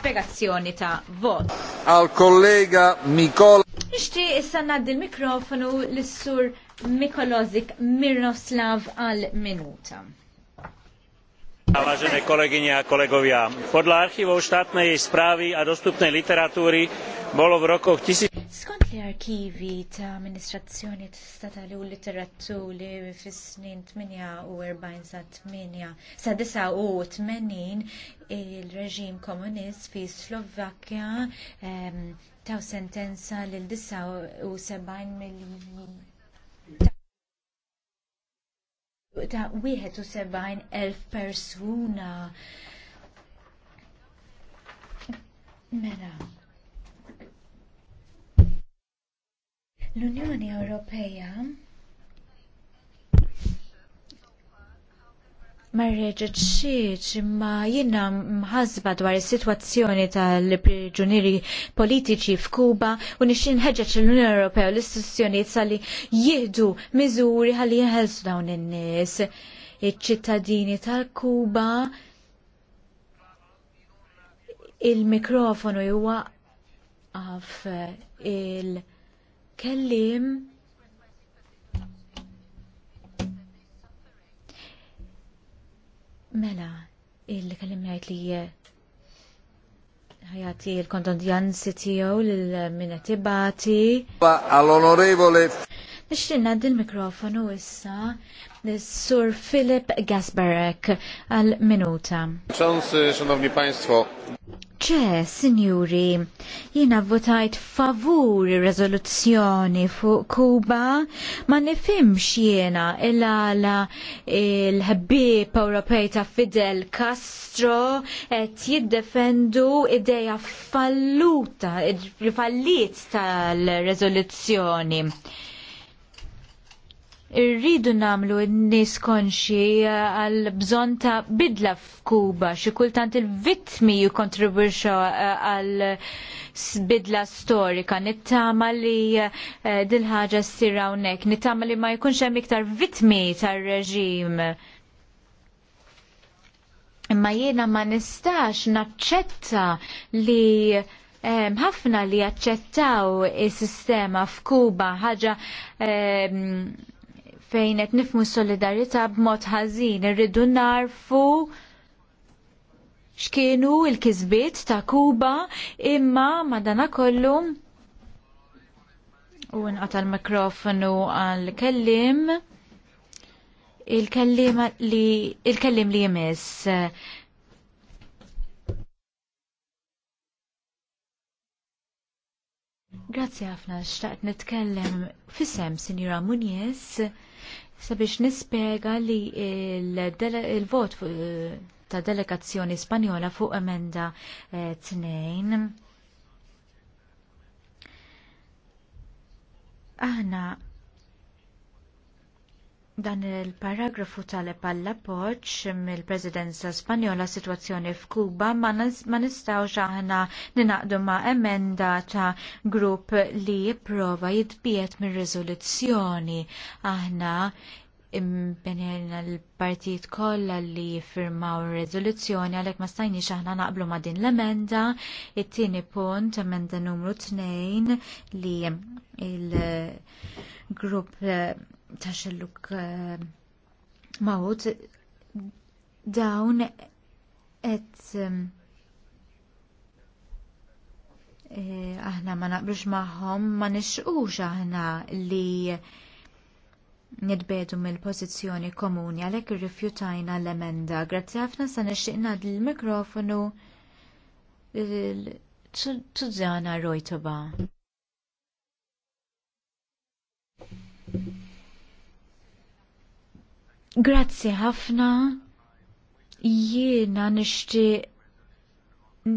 spiegazzjoni ta' vot. Al kollega Mikol. Ixti issa naddi l-mikrofonu l-sur Mikolozik Miroslav għal minuta. Vážené kolegyne a kolegovia, podľa archívov štátnej správy a dostupnej literatúry bolo v rokoch 1000 Skont li arkivi ta' amministrazzjoni statali u literattu li fis-snin 48 sa' 8 sa' 89 il-reġim komunist fi Slovakkja taw sentenza lil 79 miljon ta' 71,000 persuna. Mela, L-Unjoni Ewropea Marreġet xieċ, imma jiena mħazba dwar is-sitwazzjoni tal-priġunieri politiċi f'Kuba u nixin ħeġeġ l-Unjoni Ewropea u l-istituzzjonijiet li jieħdu miżuri ħalli jeħelsu dawn in-nies. Iċ-ċittadini tal-Kuba il-mikrofonu jwaqaf il-, -mikrofonu, kellim mela il-kellim jgħid li ħajati il-kondondjanzi tiegħu lil min tibati. All-onorevole. Nixtinna din mikrofonu issa lis-Sur Filip Gasbarek għal minuta. Szanowni Państwo ċe, signori, jina votajt favur rezoluzzjoni fuq Kuba, ma nifimx jena il-għala il-ħbib Ewropej ta' Fidel Castro et jiddefendu ideja falluta, fallit tal-rezoluzzjoni irridu namlu n-nis konxi eh, għal bżon ta' bidla f'Kuba, xi kultant il-vitmi jikontribwixxu eh, għal bidla storika, nittama li eh, dil-ħaġa ssir hawnhekk, nittama li ma jkunx hemm iktar vitmi tar-reġim. Imma jiena ma nistax naċċetta li ħafna li jaċċettaw is-sistema f'Kuba ħaġa fejn qed nifmu s-solidarjetà b'mod ħażin, irridu narfu x'kienu l-kisbiet ta' Kuba imma madanakollu u nqata' l-mikrofonu għal kellim il-kellim li il-kellim li jmiss Grazzi ħafna, xtaqt nitkellem fissem, Sinjura Munjes, sabiex nispjega li il-vot ta' delegazzjoni Spanjola fuq emenda 2. Eh, Aħna Dan il-paragrafu talep għall appoġġ mill-Presidenza Spanjola situazzjoni f'Kuba ma nistgħux aħna ninaqdu ma' emenda ta' grupp li jipprova jitbiet mir rizoluzzjoni Aħna impenjena l-partijiet kollha li firmaw ir-riżoluzzjoni għalhekk ma stajniex aħna naqblu ma' din l-emenda. It-tieni punt, emenda numru 2 li il-grupp ta' xelluk eh, mawt dawn et eh, aħna ma naqbrux maħħom ma nixqux aħna li nidbedu mill-pozizjoni komuni għalhekk irrifjutajna l-emenda. Grazzi ħafna sa nixtieqna l-mikrofonu Tudzana Rojtoba. Grazzi ħafna. Jiena nixtieq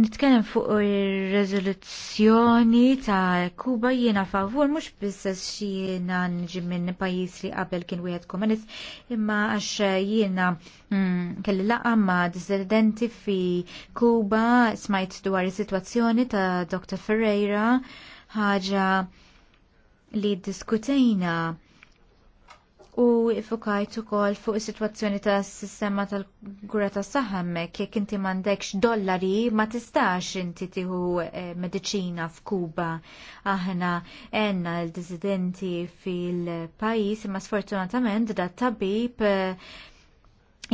nitkellem fuq ir-rezoluzzjoni ta' Kuba jiena favur mhux biss x'jiena jiena nġi minn pajjiż li qabel kien wieħed komunist, imma għax jiena mm, kelli laqa ma' dissidenti fi Kuba smajt dwar is-sitwazzjoni ta' Dr. Ferreira ħaġa li diskutejna u ifukajt ukoll fuq is-sitwazzjoni tas-sistema tal gura tas-saħħa hemmhekk jekk inti mandekx dollari ma tistax inti tieħu eh, mediċina f'Kuba. Aħna enna l dizidenti fil-pajjiż imma sfortunatament da tabib eh,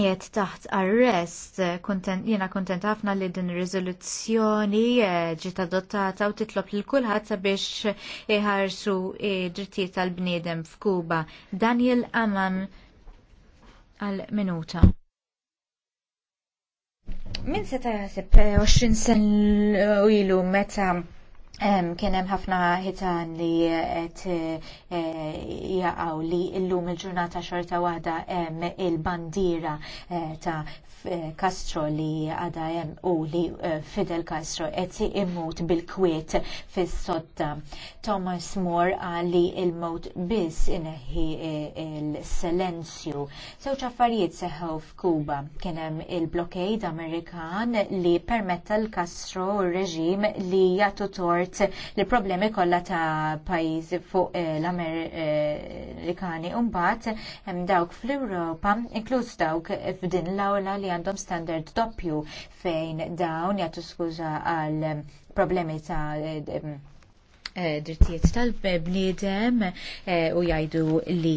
jiet taħt arrest, kontent, jena kontent ħafna li din rizoluzzjoni eh, ġiet adottata u titlob lil kulħadd sabiex iħarsu drittijiet tal-bniedem f'Kuba. Daniel Aman għal minuta. Min seta' jaħseb 20 eh, sen ilu meta kien hemm ħafna ħitan li qed eh, jaqgħu li llum il-ġurnata xorta waħda hemm il-bandiera eh, ta' eh, Castro li għada hemm u li Fidel Castro qed immut bil-kwiet fis-sodda. Thomas More qal li il-mot biss inneħħi il-silenzju. Sewġ affarijiet seħħu f'Kuba kien hemm il-blokkejd Amerikan li permetta l-Castro u r-reġim li jagħtu tor rapport li problemi kollha ta' pajjiżi fuq eh, l-Amerikani u mbagħad hemm dawk fl-Ewropa inkluż dawk f'din l-awla li għandhom standard doppju fejn dawn jagħtu skuża għal eh, problemi ta' eh, drittijiet tal-bniedem u jgħidu li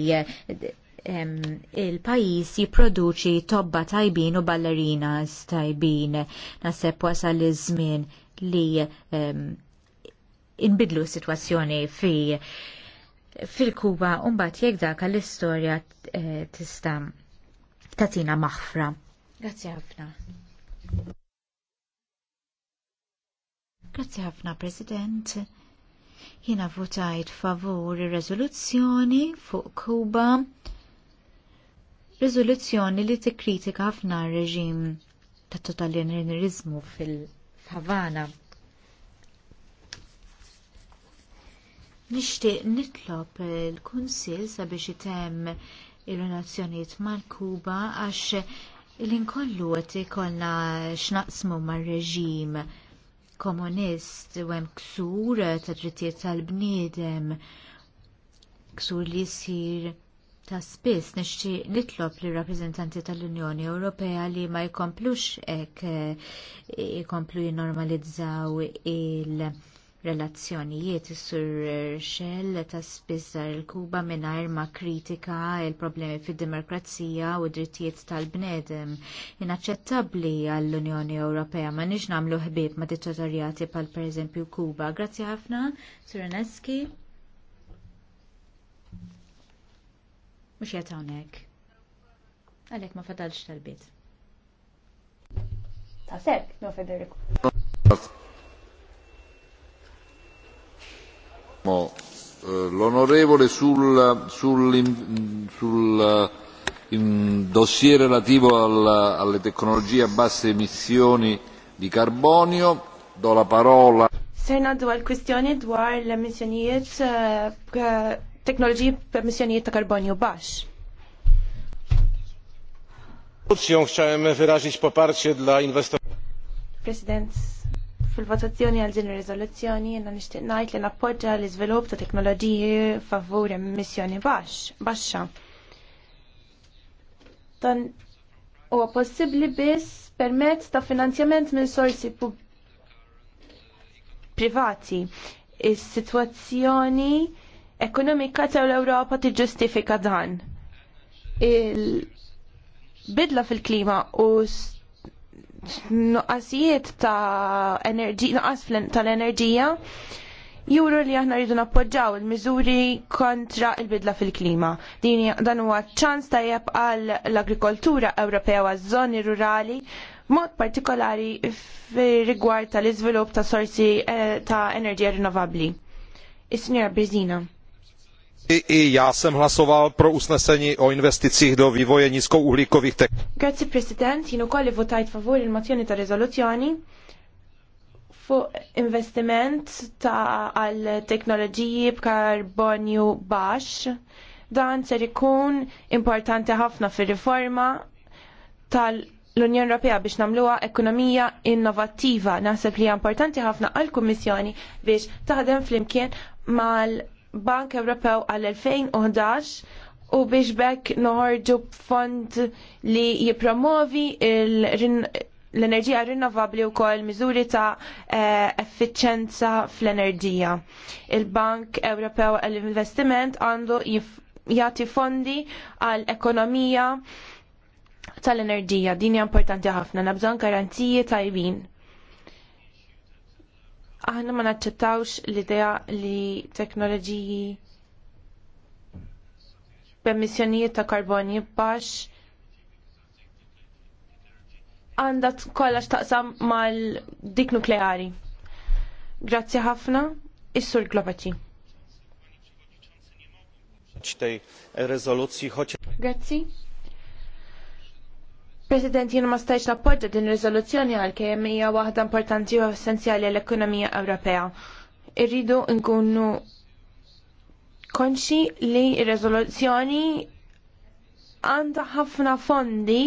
il-pajis jipproduċi tobba tajbin u ballerinas tajbin. Naseb wasal iż-żmien li um, inbidlu s-situazzjoni fi fil-Kuba unbat jegda dak l-istorja eh, tista tatina maħfra. Grazzi ħafna. Grazzi ħafna, President. Jina votajt favur ir-rezoluzzjoni fuq Kuba. Rezoluzzjoni li tikkritika ħafna r-reġim ta' totalitarianizmu fil-Havana. Nixtieq nitlob il-Kunsil sabiex itemm il-relazzjonijiet mal-Kuba għax l-inkollu qed ikollna x'naqsmu mar-reġim komunist u hemm ksur ta' drittijiet tal-bniedem ksur li jsir ta' spiss nixtieq nitlob lir rappreżentanti tal-Unjoni Ewropea li ma jkomplux hekk eh, jkomplu jinnormalizzaw il- relazzjonijiet is sur xell ta' spiżżar il-Kuba mingħajr ma' kritika il-problemi fid demokrazija u drittijiet tal-bnedem. Inaċċettabbli għall-Unjoni Ewropea ma' nix nagħmlu ħbieb ma' dittatorjati pal pereżempju Kuba. Grazzi ħafna, Sur Neski. Mux hawnhekk. Għalhekk ma' fadalx tal-bit. Ta' sekk, no Federico. Eh, l'onorevole sul, sul, sul eh, in dossier relativo al, alle tecnologie a basse emissioni di carbonio, do la parola. Serna dwar kwestjoni dwar l-emissjonijiet eh, teknoloġiji b'emissjonijiet ta' karbonju baxx. Chciałem wyrazić poparcie dla inwestorów. Prezydent Fil-votazzjoni għal din ir-riżoluzzjoni jiena nixtieq ngħid li nappoġġa l-iżvilupp ta' teknoloġiji favur emissjoni baxxa. Dan huwa possibbli biss permezz ta' finanzjament minn sorsi privati. Is-sitwazzjoni ekonomika tal-Ewropa tiġġustifika dan. Il-bidla fil-klima u nuqqasijiet ta' nuqqas tal-enerġija, juru li aħna rridu nappoġġaw il-miżuri kontra il-bidla fil-klima. Din dan huwa ċans tajjeb għal l-agrikoltura Ewropea għaż-żoni rurali mod partikolari rigward tal-iżvilupp ta' sorsi eh, ta' enerġija rinnovabbli. Is-Sinjora Brizina. I, já jsem hlasoval pro usnesení o investicích do vývoje nízkouhlíkových technologií. Grazie President, jien ukoll votajt favur il mozione ta' riżoluzzjoni fuq investiment ta' al teknoloġiji b'karbonju bash Dan se ikun importanti ħafna fir-riforma tal-Unjoni Ewropea biex nagħmluha ekonomija innovattiva. Naħseb li hija importanti ħafna għall kummissjoni biex taħdem flimkien mal- Bank Ewropew għal-2011 u biex bekk noħorġu fond li jipromovi l-enerġija rinnovabli u kol miżuri ta' eh, effiċenza fl-enerġija. Il-Bank Ewropew għall-Investiment għandu jati fondi għall-ekonomija tal-enerġija. Din hija importanti ħafna, nabżon garanziji tajbin aħna ma naċċettawx l-idea li teknoloġiji b'emissjonijiet ta' karbonju baxx għandha kollha x'taqsam mal dik nukleari. Grazzi ħafna, is-Sur Globaċi. Grazzi. President, jien ma stajx nappoġġa din riżoluzzjoni għalkemm hija waħda importanti u essenzjali l-ekonomija Ewropea. Irridu nkunu konxi li riżoluzzjoni għandha ħafna fondi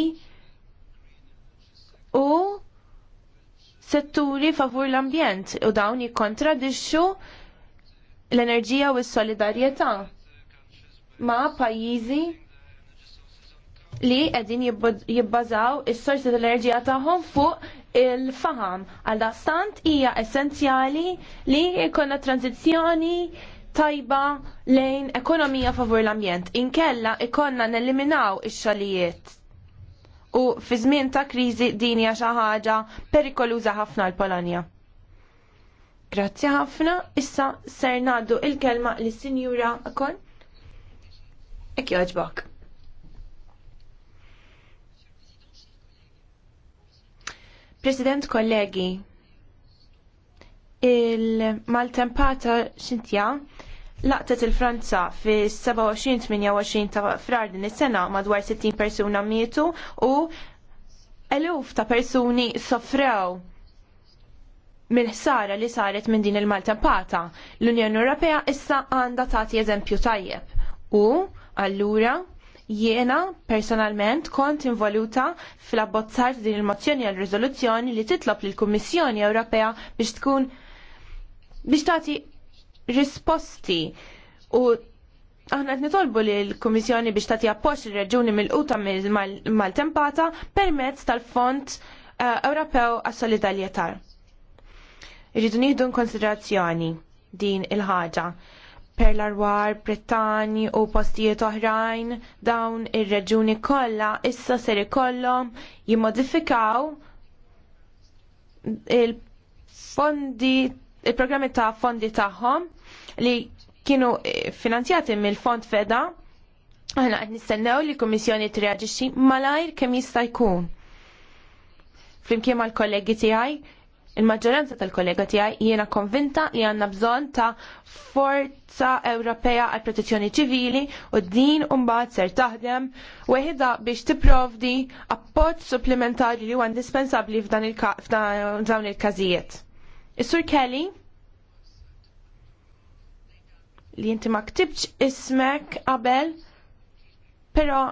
u setturi favur l-ambjent u dawn jikkontradixxu l-enerġija u s-solidarjetà ma' pajjiżi li qegħdin jibbażaw is-sorsi tal-enerġija tagħhom fuq il-faham. Għal stant hija essenzjali li jkollna tranzizzjoni tajba lejn ekonomija favur l-ambjent. Inkella ikonna neliminaw ix xalijiet u fi żmien ta' kriżi din hija xi ħaġa perikoluża ħafna l polonja Grazzi ħafna, issa ser ngħaddu il-kelma lis sinjura Akon. Ekki oġbok. President kollegi, il-maltempata xintja laqtet il-Franza fi 27-28 ta' frar din is-sena madwar 60 persuna mietu u eluf ta' persuni soffrew mill-ħsara li saret minn din il-maltempata. L-Unjoni Ewropea issa għandha tagħti eżempju tajjeb u allura Jiena personalment kont involuta fil-abbozzar din il-mozzjoni għal riżoluzzjoni li titlob lill kummissjoni Ewropea biex tkun biex tagħti risposti u aħna qed nitolbu li l-Kummissjoni biex tagħti appoġġ ir-reġuni mill-quta mal-tempata permezz tal-Fond eh, Ewropew għas-Solidarjetà. Irridu nieħdu konsiderazzjoni din il-ħaġa. Perlarwar, Brittani u postijiet oħrajn dawn ir-reġuni kollha issa ser ikollhom jimmodifikaw il-fondi il-programmi ta' fondi tagħhom li kienu finanzjati mill-Fond Feda aħna qed nistennew li l-Kummissjoni tirreaġixxi malajr kemm jista' jkun. Flimkien mal-kollegi tiegħi il-maġġoranza tal-kollega tiegħi jiena konvinta li għandna bżonn ta' forza Ewropea għal protezzjoni ċivili u din mbagħad ser taħdem weħida biex tipprovdi appoġġ supplementari li huwa indispensabbli f'dan il-dawn il-każijiet. Is-Sur Kelly li inti ma ktibx ismek qabel, però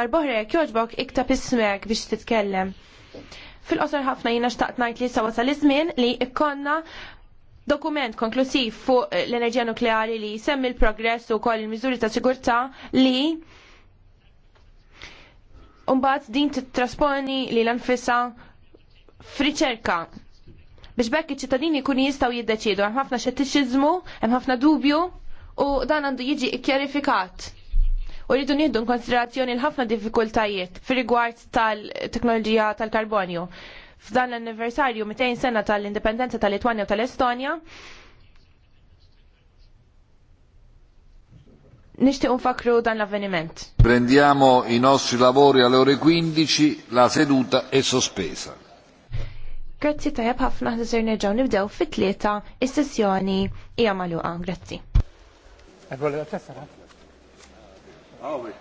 darbohra jekk joġbok iktab ismek biex titkellem. Fil-qosor ħafna jiena xtaqt ngħid li sawa sal-iżmien li ikkonna dokument konklusiv fuq l-enerġija nukleari li semmi l-progress u koll il-miżuri ta' sigurtà li Umbat din titrasponi li l anfisa friċerka biex bekk iċ-ċittadini jkunu jistgħu jiddeċiedu hemm ħafna xettiċiżmu, hemm ħafna dubju u dan għandu jiġi kkjarifikat u rridu nieħdu konsiderazzjoni l-ħafna diffikultajiet fir-rigward tal-teknoloġija tal-karbonju. F'dan l-anniversarju 200 sena tal-indipendenza tal-Litwanja u tal-Estonja, un nfakru dan l-avveniment. Prendiamo i nostri lavori alle ore 15, la seduta è sospesa. Grazzi tajab ħafna ħdisir nerġaw nibdew fit-tlieta is-sessjoni hija magħluqa. Grazzi. Ah oui,